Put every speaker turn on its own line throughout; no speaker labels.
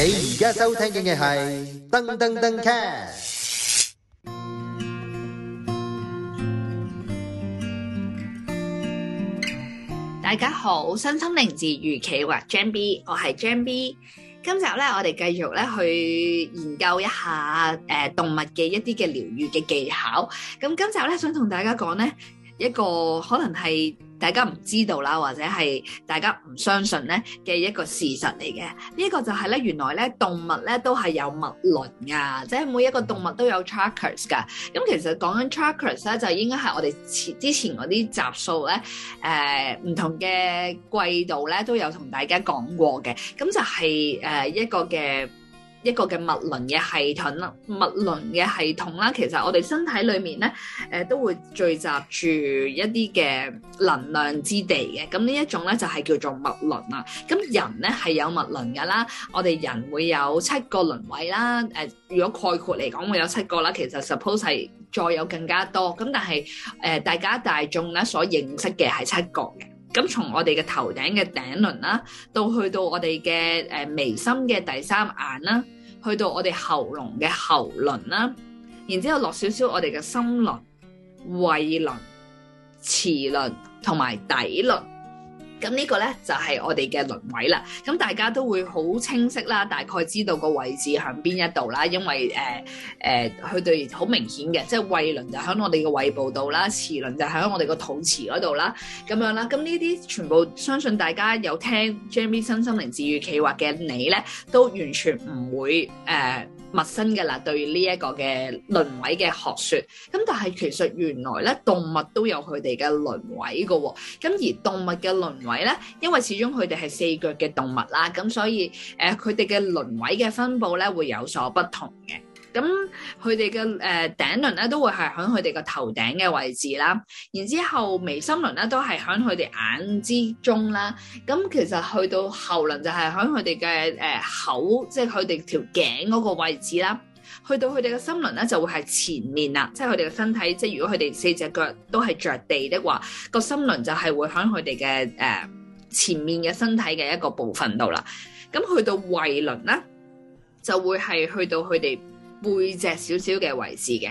你而家收聽嘅係噔噔噔 cast。大家好，身心靈治癒企畫 Jam B，我係 Jam B。今集咧，我哋繼續咧去研究一下誒動物嘅一啲嘅療癒嘅技巧。咁今集咧想同大家講咧一個可能係。大家唔知道啦，或者係大家唔相信咧嘅一個事實嚟嘅。呢一個就係咧，原來咧動物咧都係有物輪噶，即係每一個動物都有 chakras 噶。咁其實講緊 chakras 咧，就應該係我哋前之前嗰啲集數咧，誒、呃、唔同嘅季度咧都有同大家講過嘅。咁就係誒一個嘅。一個嘅物輪嘅系統，物輪嘅系統啦，其實我哋身體裏面咧，誒都會聚集住一啲嘅能量之地嘅。咁呢一種咧就係、是、叫做物輪啦。咁人咧係有物輪噶啦，我哋人會有七個輪位啦。誒、呃，如果概括嚟講，會有七個啦。其實 suppose 係再有更加多。咁但係誒、呃，大家大眾咧所認識嘅係七個嘅。咁從我哋嘅頭頂嘅頂輪啦，到去到我哋嘅誒眉心嘅第三眼啦。去到我哋喉嚨嘅喉輪啦，然之後落少少我哋嘅心輪、胃輪、臍輪同埋底輪。咁呢個呢，就係我哋嘅輪位啦，咁大家都會好清晰啦，大概知道個位置喺邊一度啦，因為誒誒，佢哋好明顯嘅，即係胃輪就喺我哋嘅胃部度啦，臍輪就喺我哋個肚臍嗰度啦，咁樣啦，咁呢啲全部相信大家有聽 Jamie 新心靈治愈企劃嘅你呢，都完全唔會誒、呃陌生嘅啦，對於呢一個嘅輪位嘅學説，咁，但係其實原來咧動物都有佢哋嘅輪位嘅喎、哦，咁而動物嘅輪位咧，因為始終佢哋係四腳嘅動物啦，咁所以誒佢哋嘅輪位嘅分布咧會有所不同嘅。咁佢哋嘅誒頂輪咧，都會係喺佢哋嘅頭頂嘅位置啦。然之後眉心輪咧，都係喺佢哋眼之中啦。咁其實去到喉輪就係喺佢哋嘅誒口，即係佢哋條頸嗰個位置啦。去到佢哋嘅心輪咧，就會係前面啦，即係佢哋嘅身體。即係如果佢哋四隻腳都係着地的話，個心輪就係會喺佢哋嘅誒前面嘅身體嘅一個部分度啦。咁去到胃輪咧，就會係去到佢哋背脊少少嘅位置嘅，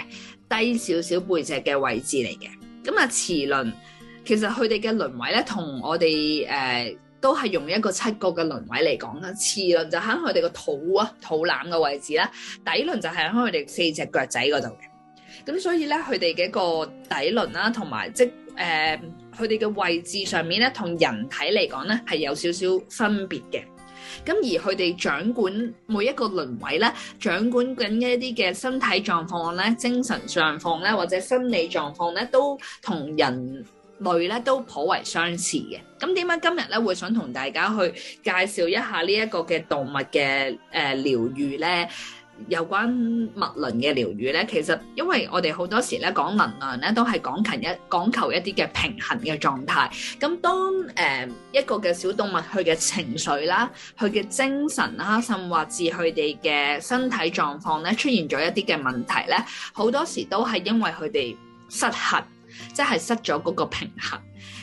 低少少背脊嘅位置嚟嘅。咁啊，臍輪其實佢哋嘅輪位咧，同我哋誒、呃、都係用一個七個嘅輪位嚟講啦。臍輪就喺佢哋個肚啊、肚腩嘅位置啦，底輪就係喺佢哋四隻腳仔嗰度嘅。咁所以咧，佢哋嘅一個底輪啦、啊，同埋即誒佢哋嘅位置上面咧，同人體嚟講咧，係有少少分別嘅。咁而佢哋掌管每一個輪位咧，掌管緊一啲嘅身體狀況咧、精神狀況咧，或者心理狀況咧，都同人類咧都頗為相似嘅。咁點解今日咧會想同大家去介紹一下呢一個嘅動物嘅誒、呃、療愈咧？有關物輪嘅療愈咧，其實因為我哋好多時咧講能量咧，都係講緊一講求一啲嘅平衡嘅狀態。咁當誒、呃、一個嘅小動物佢嘅情緒啦、佢嘅精神啦，甚至佢哋嘅身體狀況咧出現咗一啲嘅問題咧，好多時都係因為佢哋失衡，即、就、係、是、失咗嗰個平衡。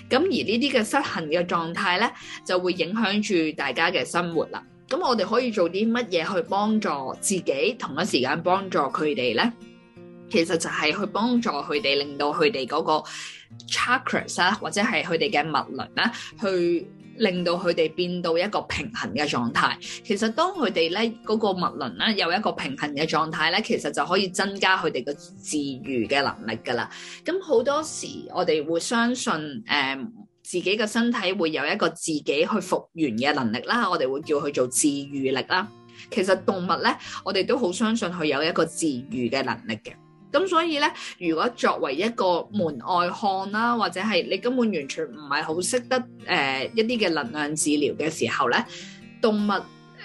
咁而呢啲嘅失衡嘅狀態咧，就會影響住大家嘅生活啦。咁我哋可以做啲乜嘢去幫助自己，同一時間幫助佢哋咧？其實就係去幫助佢哋，令到佢哋嗰個 chakras 啦，或者係佢哋嘅物輪啦，去令到佢哋變到一個平衡嘅狀態。其實當佢哋咧嗰個物輪咧有一個平衡嘅狀態咧，其實就可以增加佢哋嘅自愈嘅能力噶啦。咁好多時我哋會相信誒、嗯自己嘅身體會有一個自己去復原嘅能力啦，我哋會叫佢做自愈力啦。其實動物咧，我哋都好相信佢有一個自愈嘅能力嘅。咁所以咧，如果作為一個門外漢啦，或者係你根本完全唔係好識得誒、呃、一啲嘅能量治療嘅時候咧，動物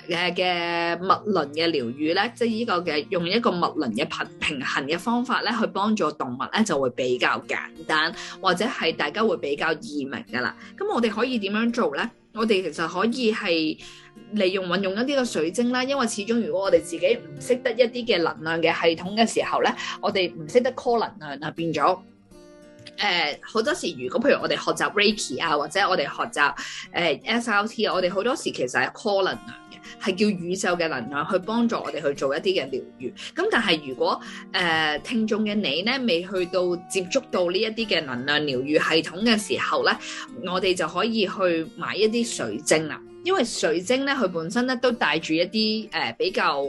嘅嘅物輪嘅療愈咧，即係呢個嘅用一個物輪嘅平平衡嘅方法咧，去幫助動物咧就會比較簡單，或者係大家會比較易明㗎喇。咁我哋可以點樣做咧？我哋其實可以係利用運用一啲嘅水晶啦，因為始終如果我哋自己唔識得一啲嘅能量嘅系統嘅時候咧，我哋唔識得 call 能量啊，變咗。誒好、呃、多時，如果譬如我哋學習 Reiki 啊，或者我哋學習誒、呃、S.L.T 啊，我哋好多時其實係 call 能量嘅，係叫宇宙嘅能量去幫助我哋去做一啲嘅療愈。咁但係如果誒、呃、聽眾嘅你咧，未去到接觸到呢一啲嘅能量療愈系統嘅時候咧，我哋就可以去買一啲水晶啦，因為水晶咧佢本身咧都帶住一啲誒、呃、比較，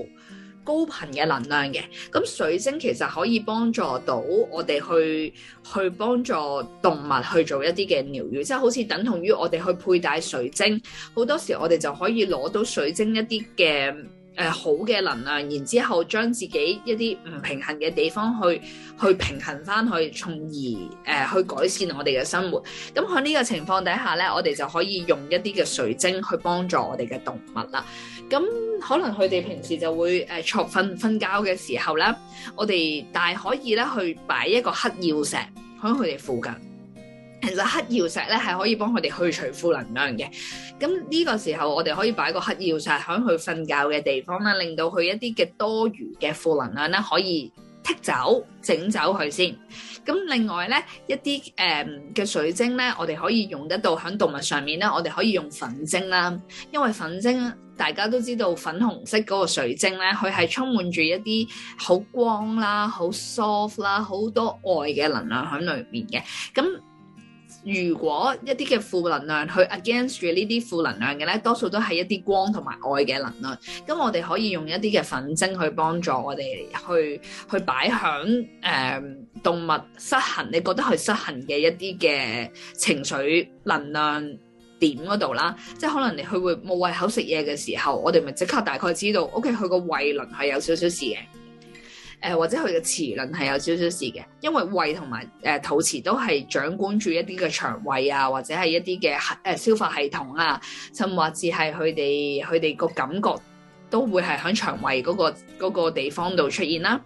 高頻嘅能量嘅，咁水晶其實可以幫助到我哋去去幫助動物去做一啲嘅療愈，即係好似等同於我哋去佩戴水晶，好多時我哋就可以攞到水晶一啲嘅。誒、呃、好嘅能量，然之後將自己一啲唔平衡嘅地方去去平衡翻去，從而誒、呃、去改善我哋嘅生活。咁喺呢個情況底下咧，我哋就可以用一啲嘅水晶去幫助我哋嘅動物啦。咁可能佢哋平時就會誒錯瞓瞓覺嘅時候咧，我哋但係可以咧去擺一個黑曜石喺佢哋附近。其實黑曜石咧係可以幫佢哋去除負能量嘅，咁呢個時候我哋可以擺個黑曜石喺佢瞓覺嘅地方啦，令到佢一啲嘅多餘嘅負能量咧可以剔走、整走佢先。咁另外咧一啲誒嘅水晶咧，我哋可以用得到喺動物上面咧，我哋可以用粉晶啦，因為粉晶大家都知道粉紅色嗰個水晶咧，佢係充滿住一啲好光啦、好 soft 啦、好多愛嘅能量喺裏面嘅，咁。如果一啲嘅負能量去 against 住呢啲負能量嘅咧，多數都係一啲光同埋愛嘅能量。咁我哋可以用一啲嘅粉晶去幫助我哋去去擺響誒、呃、動物失衡，你覺得佢失衡嘅一啲嘅情緒能量點嗰度啦。即係可能你佢會冇胃口食嘢嘅時候，我哋咪即刻大概知道，OK 佢個胃輪係有少少事嘅。誒、呃、或者佢嘅磁輪係有少少事嘅，因為胃同埋誒肚臍都係掌管住一啲嘅腸胃啊，或者係一啲嘅誒消化系統啊，甚至係佢哋佢哋個感覺都會係喺腸胃嗰個嗰個地方度出現啦。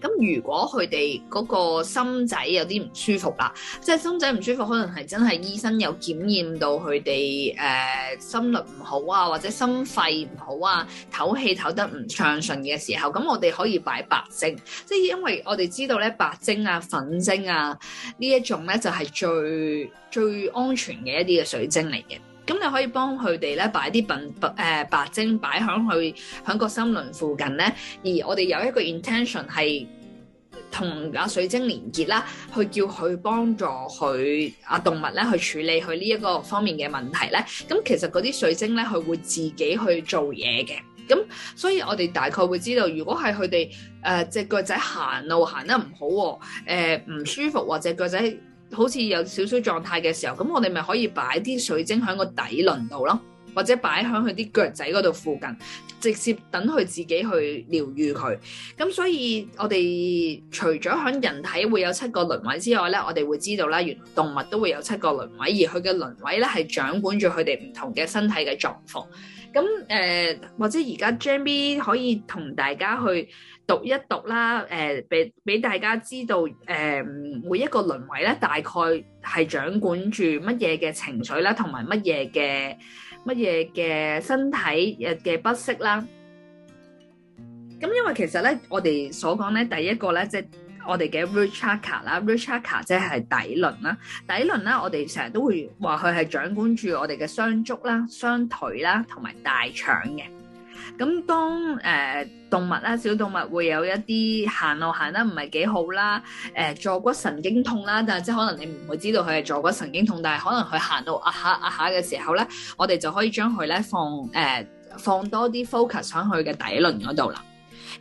咁如果佢哋嗰個心仔有啲唔舒服啦，即係心仔唔舒服，可能係真係醫生有檢驗到佢哋誒心率唔好啊，或者心肺唔好啊，唞氣唞得唔暢順嘅時候，咁我哋可以擺白晶，即係因為我哋知道咧，白晶啊、粉晶啊呢一種咧就係最最安全嘅一啲嘅水晶嚟嘅。咁你可以幫佢哋咧擺啲白白白晶擺響佢響個森林附近咧，而我哋有一個 intention 係同阿水晶連結啦，去叫佢幫助佢阿動物咧去處理佢呢一個方面嘅問題咧。咁其實嗰啲水晶咧佢會自己去做嘢嘅，咁所以我哋大概會知道，如果係佢哋誒隻腳仔行路行得唔好、哦，誒、呃、唔舒服或、哦、者腳仔。好似有少少狀態嘅時候，咁我哋咪可以擺啲水晶喺個底輪度咯，或者擺喺佢啲腳仔嗰度附近，直接等佢自己去療愈佢。咁所以我哋除咗喺人體會有七個輪位之外咧，我哋會知道咧，原來動物都會有七個輪位，而佢嘅輪位咧係掌管住佢哋唔同嘅身體嘅狀況。咁誒、呃，或者而家 Jambi 可以同大家去。讀一讀啦，誒俾俾大家知道，誒每一個輪位咧，大概係掌管住乜嘢嘅情緒啦，同埋乜嘢嘅乜嘢嘅身體誒嘅不適啦。咁因為其實咧，我哋所講咧，第一個咧，即係我哋嘅 root chakra 啦，root chakra 即係底輪啦，底輪咧，我哋成日都會話佢係掌管住我哋嘅雙足啦、雙腿啦，同埋大腸嘅。咁當誒、呃、動物啦，小動物會有一啲行路行得唔係幾好啦，誒坐骨神經痛啦，但係即係可能你唔會知道佢係坐骨神經痛，但係可能佢行到壓下壓下嘅時候咧，我哋就可以將佢咧放誒、呃、放多啲 focus 上去嘅底輪嗰度啦。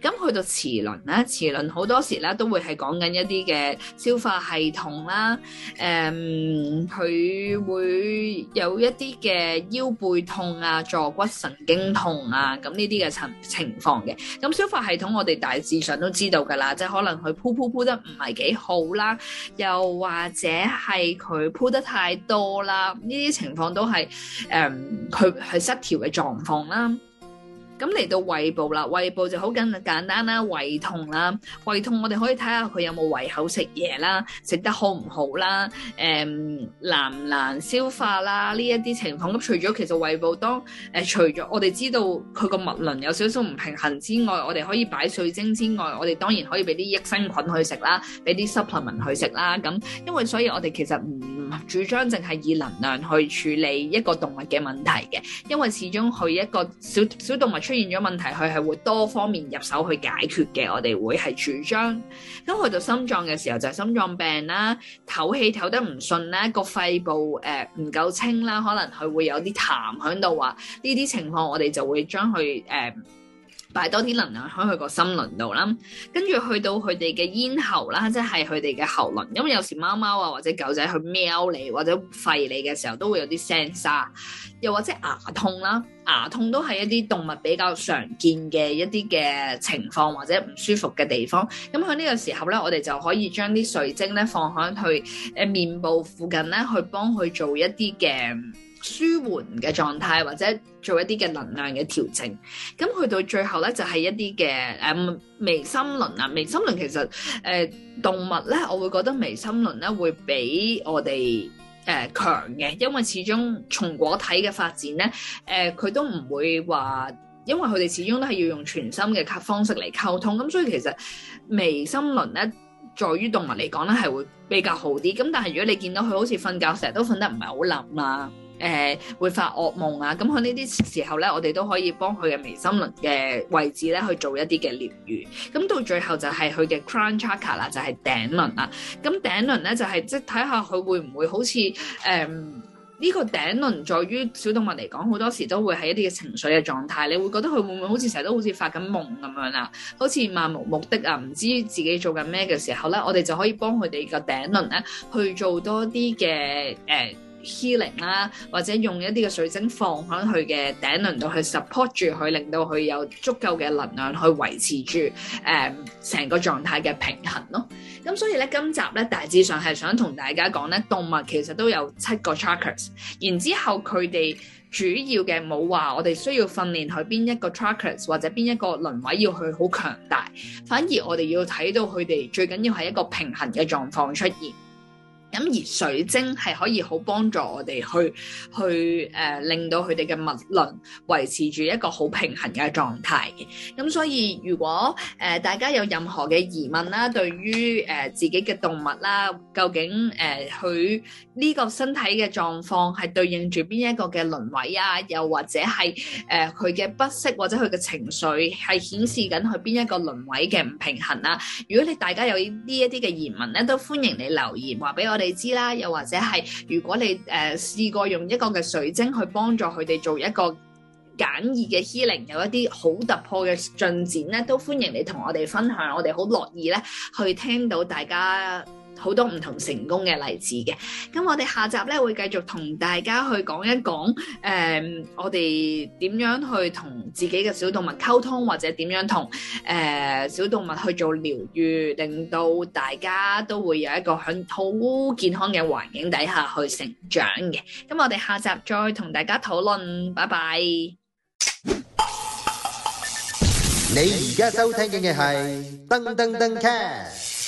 咁去到臍輪啦，臍輪好多時咧都會係講緊一啲嘅消化系統啦，誒、嗯，佢會有一啲嘅腰背痛啊、坐骨神經痛啊，咁呢啲嘅情情況嘅。咁、嗯、消化系統我哋大致上都知道㗎啦，即係可能佢 push push push 得唔係幾好啦，又或者係佢 push 得太多啦，呢啲情況都係誒佢佢失調嘅狀況啦。咁嚟到胃部啦，胃部就好咁簡單啦，胃痛啦，胃痛我哋可以睇下佢有冇胃口食嘢啦，食得好唔好啦，誒、嗯、難唔難消化啦呢一啲情況，咁除咗其實胃部當誒、呃、除咗我哋知道佢個物輪有少少唔平衡之外，我哋可以擺水晶之外，我哋當然可以俾啲益生菌去食啦，俾啲 supplement 去食啦。咁因為所以我哋其實唔主張淨係以能量去處理一個動物嘅問題嘅，因為始終佢一個小小動物，出現咗問題，佢係會多方面入手去解決嘅。我哋會係主張，咁去到心臟嘅時候，就係、是、心臟病啦，唞氣唞得唔順啦，個肺部誒唔、呃、夠清啦，可能佢會有啲痰響度話呢啲情況，我哋就會將佢誒，呃擺多啲能量喺佢個心輪度啦，跟住去到佢哋嘅咽喉啦，即係佢哋嘅喉輪，因為有時貓貓啊或者狗仔去瞄你或者吠你嘅時候，都會有啲聲沙，又或者牙痛啦，牙痛都係一啲動物比較常見嘅一啲嘅情況或者唔舒服嘅地方。咁喺呢個時候咧，我哋就可以將啲水晶咧放響佢誒面部附近咧，去幫佢做一啲嘅。舒緩嘅狀態，或者做一啲嘅能量嘅調整。咁去到最後咧，就係、是、一啲嘅誒微心輪啊。微心輪其實誒、呃、動物咧，我會覺得微心輪咧會比我哋誒、呃、強嘅，因為始終從果體嘅發展咧，誒、呃、佢都唔會話，因為佢哋始終都係要用全心嘅方式嚟溝通。咁所以其實微心輪咧，在於動物嚟講咧，係會比較好啲。咁但係如果你見到佢好似瞓覺成日都瞓得唔係好冧啦～誒、呃、會發噩夢啊！咁喺呢啲時候咧，我哋都可以幫佢嘅眉心輪嘅位置咧去做一啲嘅療愈。咁到最後就係佢嘅 crown chakra 啦，就係頂輪啦。咁頂輪咧就係即係睇下佢會唔會好似誒呢個頂輪在於小動物嚟講，好多時都會喺一啲嘅情緒嘅狀態。你會覺得佢會唔會好似成日都好似發緊夢咁樣啊？好似漫無目的啊，唔知自己做緊咩嘅時候咧，我哋就可以幫佢哋個頂輪咧去做多啲嘅誒。呃 healing 啦，或者用一啲嘅水晶放響佢嘅頂輪度去 support 住佢，令到佢有足夠嘅能量去維持住誒成個狀態嘅平衡咯。咁、嗯、所以咧，今集咧大致上係想同大家講咧，動物其實都有七個 t r a c k e r s 然之後佢哋主要嘅冇話我哋需要訓練去邊一個 t r a c k e r s 或者邊一個輪位要去好強大，反而我哋要睇到佢哋最緊要係一個平衡嘅狀況出現。咁而水晶係可以好幫助我哋去去誒、呃、令到佢哋嘅物輪維持住一個好平衡嘅狀態嘅。咁、嗯、所以如果誒、呃、大家有任何嘅疑問啦，對於誒、呃、自己嘅動物啦，究竟誒佢呢個身體嘅狀況係對應住邊一個嘅輪位啊？又或者係誒佢嘅不適或者佢嘅情緒係顯示緊佢邊一個輪位嘅唔平衡啊？如果你大家有呢一啲嘅疑問咧，都歡迎你留言話俾我。你知啦，又或者係如果你誒、呃、試過用一個嘅水晶去幫助佢哋做一個簡易嘅 healing，有一啲好突破嘅進展咧，都歡迎你同我哋分享，我哋好樂意咧去聽到大家。好多唔同成功嘅例子嘅，咁我哋下集咧會繼續同大家去講一講，誒、呃，我哋點樣去同自己嘅小動物溝通，或者點樣同誒、呃、小動物去做療癒，令到大家都會有一個響好健康嘅環境底下去成長嘅。咁我哋下集再同大家討論，拜拜。你而家收聽緊嘅係登登登 c